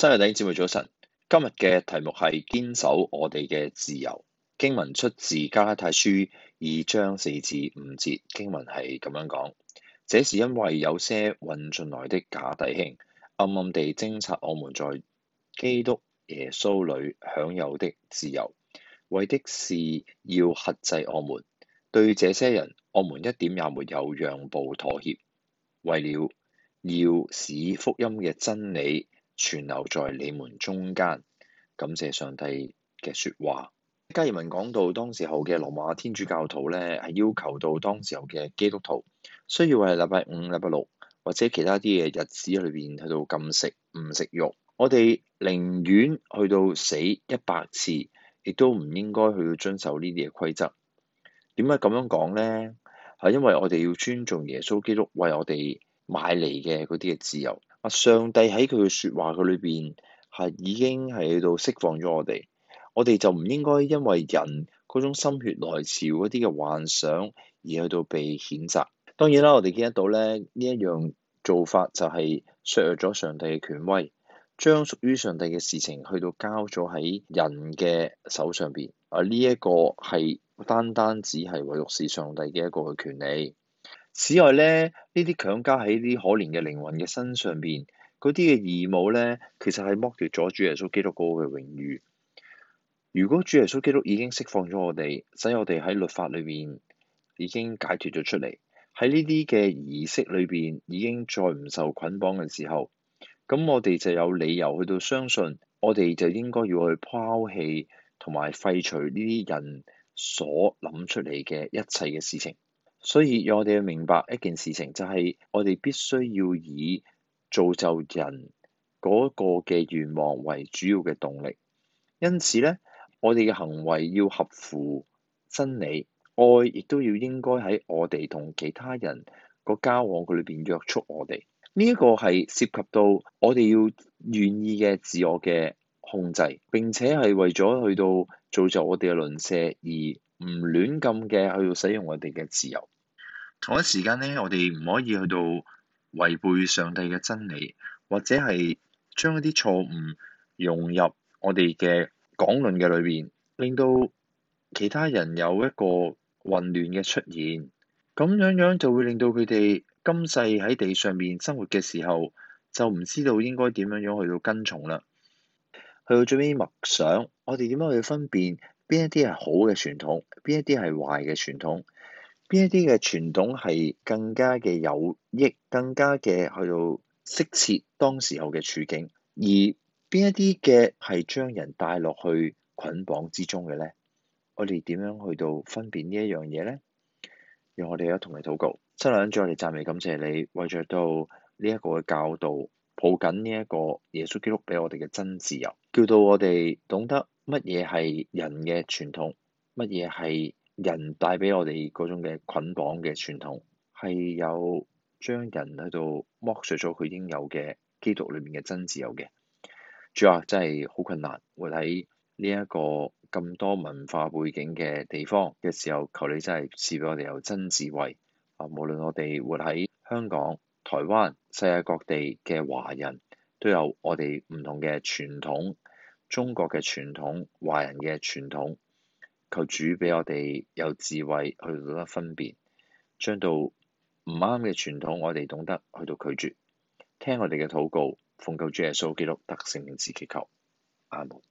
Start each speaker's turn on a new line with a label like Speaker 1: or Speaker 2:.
Speaker 1: 真係，弟兄姊妹早晨。今日嘅題目係堅守我哋嘅自由。經文出自《加拉太書》二章四至五節。經文係咁樣講：這是因為有些混進來的假弟兄，暗暗地偵察我們在基督耶穌裏享有的自由，為的是要克制我們。對這些人，我們一點也沒有讓步妥協。為了要使福音嘅真理，存留在你們中間，感謝上帝嘅説話。加爾文講到當時候嘅羅馬天主教徒咧，係要求到當時候嘅基督徒，需要喺禮拜五、禮拜六或者其他啲嘅日子裏邊去到禁食、唔食肉。我哋寧願去到死一百次，亦都唔應該去到遵守呢啲嘅規則。點解咁樣講咧？係因為我哋要尊重耶穌基督為我哋買嚟嘅嗰啲嘅自由。上帝喺佢嘅説話嘅裏邊已經係去到釋放咗我哋，我哋就唔應該因為人嗰種心血來潮嗰啲嘅幻想而去到被譴責。當然啦，我哋見得到咧，呢一樣做法就係削弱咗上帝嘅權威，將屬於上帝嘅事情去到交咗喺人嘅手上邊。啊，呢一個係單單只係唯獨是上帝嘅一個嘅權利。此外咧，呢啲強加喺啲可憐嘅靈魂嘅身上邊，嗰啲嘅義務咧，其實係剝奪咗主耶穌基督嗰個嘅榮譽。如果主耶穌基督已經釋放咗我哋，使我哋喺律法裏邊已經解脫咗出嚟，喺呢啲嘅儀式裏邊已經再唔受捆綁嘅時候，咁我哋就有理由去到相信，我哋就應該要去拋棄同埋廢除呢啲人所諗出嚟嘅一切嘅事情。所以我哋要明白一件事情，就係我哋必須要以造就人嗰個嘅願望為主要嘅動力，因此咧，我哋嘅行為要合乎真理，愛亦都要應該喺我哋同其他人個交往佢裏邊約束我哋，呢一個係涉及到我哋要願意嘅自我嘅控制，並且係為咗去到造就我哋嘅鄰舍而唔亂咁嘅去到使用我哋嘅自由，同一時間呢，我哋唔可以去到違背上帝嘅真理，或者係將一啲錯誤融入我哋嘅講論嘅裏面，令到其他人有一個混亂嘅出現，咁樣樣就會令到佢哋今世喺地上面生活嘅時候，就唔知道應該點樣樣去到跟從啦。去到最尾默想，我哋點樣去分辨？邊一啲係好嘅傳統，邊一啲係壞嘅傳統，邊一啲嘅傳統係更加嘅有益，更加嘅去到適切當時候嘅處境，而邊一啲嘅係將人帶落去捆綁之中嘅咧？我哋點樣去到分辨呢一樣嘢咧？讓我哋而家同你禱告，親愛的主，我哋讚美感謝你，為着到呢一個嘅教導，抱緊呢一個耶穌基督俾我哋嘅真自由，叫到我哋懂得。乜嘢係人嘅傳統？乜嘢係人帶畀我哋嗰種嘅捆綁嘅傳統？係有將人喺度剝削咗佢應有嘅基督裏面嘅真自由嘅。主啊，真係好困難！活喺呢一個咁多文化背景嘅地方嘅時候，求你真係賜俾我哋有真智慧。啊，無論我哋活喺香港、台灣、世界各地嘅華人都有我哋唔同嘅傳統。中國嘅傳統，華人嘅傳統，求主俾我哋有智慧去懂得分辨，將到唔啱嘅傳統，我哋懂得去到拒絕，聽我哋嘅禱告，奉救主耶穌基督得勝名字祈求，阿門。